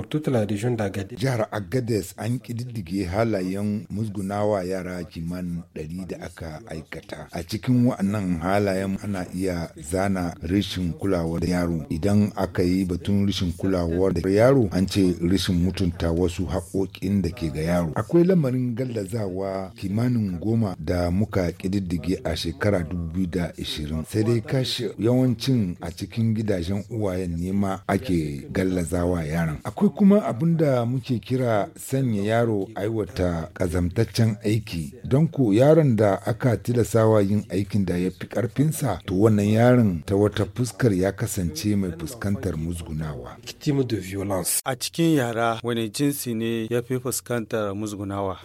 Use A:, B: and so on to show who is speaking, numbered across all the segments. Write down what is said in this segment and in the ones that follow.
A: pour toute la région d'Agadez. Jihar Agadez an kididdige halayen musgunawa yara kimanin ɗari da aka aikata. A cikin wa'annan halayen ana iya zana rashin da yaro. Idan aka yi batun rashin kulawar da yaro an ce rashin mutunta wasu haƙoƙin da ke ga yaro. Akwai lamarin gallazawa kimanin goma da muka kididdige a shekara ishirin. Sai dai kashe yawancin a cikin gidajen uwayen nema ake gallazawa yaran. Akwai kuma abin da muke kira sanya yaro aiwata ƙazamtaccen aiki don ku yaron da aka tilasawa yin aikin da ya fi ƙarfinsa to wannan yaron ta wata fuskar ya kasance mai fuskantar musgunawa.
B: A cikin yara wani jinsi ne ya fi fuskantar musgunawa?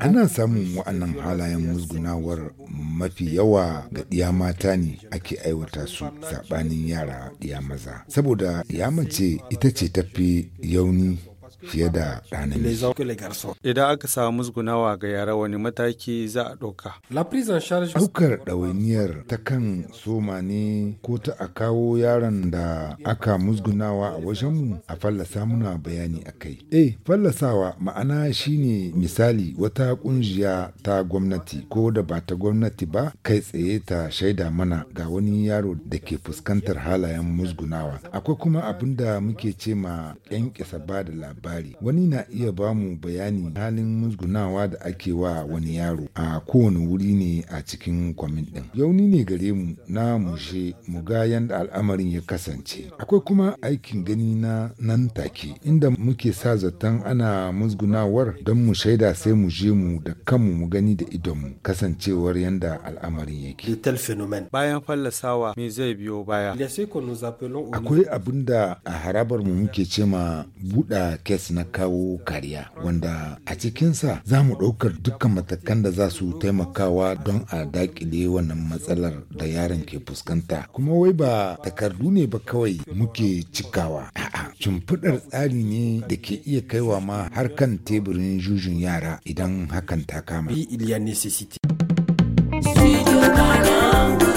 A: Ana samun wa'annan halayen musgunawar mafi yawa ga ɗiya mata ne ake aiwata su saɓanin yara ɗiya maza. Saboda ya mace ita ce tafi Yoni fiye da
B: ɗanin. Idan aka samu musgunawa ga yara wani mataki za a ɗauka.
A: Ɗaukar ɗawainiyar ta kan soma ne ko ta a kawo yaron da aka musgunawa a wajenmu a fallasa muna bayani a kai. Eh, fallasawa ma'ana shine misali wata ƙungiya ta gwamnati ko da ba ta gwamnati ba kai tsaye ta shaida mana ga wani yaro da ke fuskantar halayen musgunawa. Akwai kuma abin da muke ce ma 'yan kisa ba da labari. labari wani na iya ba mu bayani halin musgunawa da ake wa wani yaro a kowane wuri ne a cikin kwamin din yauni ne gare mu na mushe mu ga yadda al'amarin ya kasance akwai kuma aikin gani na nan take inda muke sa zaton ana musgunawar don mu shaida sai mu je mu da kanmu mu gani da idon mu kasancewar yadda al'amarin yake
B: bayan fallasawa me zai biyo baya
A: akwai abin da a harabar mu muke cema buɗa kes na kawo kariya wanda a cikinsa za mu ɗaukar dukkan matakan da za su taimakawa don a dakile wannan matsalar da yaron ke fuskanta kuma wai ba takardu ne ba kawai muke cikawa a'a shimfiɗar tsari ne da ke iya kaiwa ma har kan teburin jujun yara idan hakan ta kama. Studio
B: Banangu.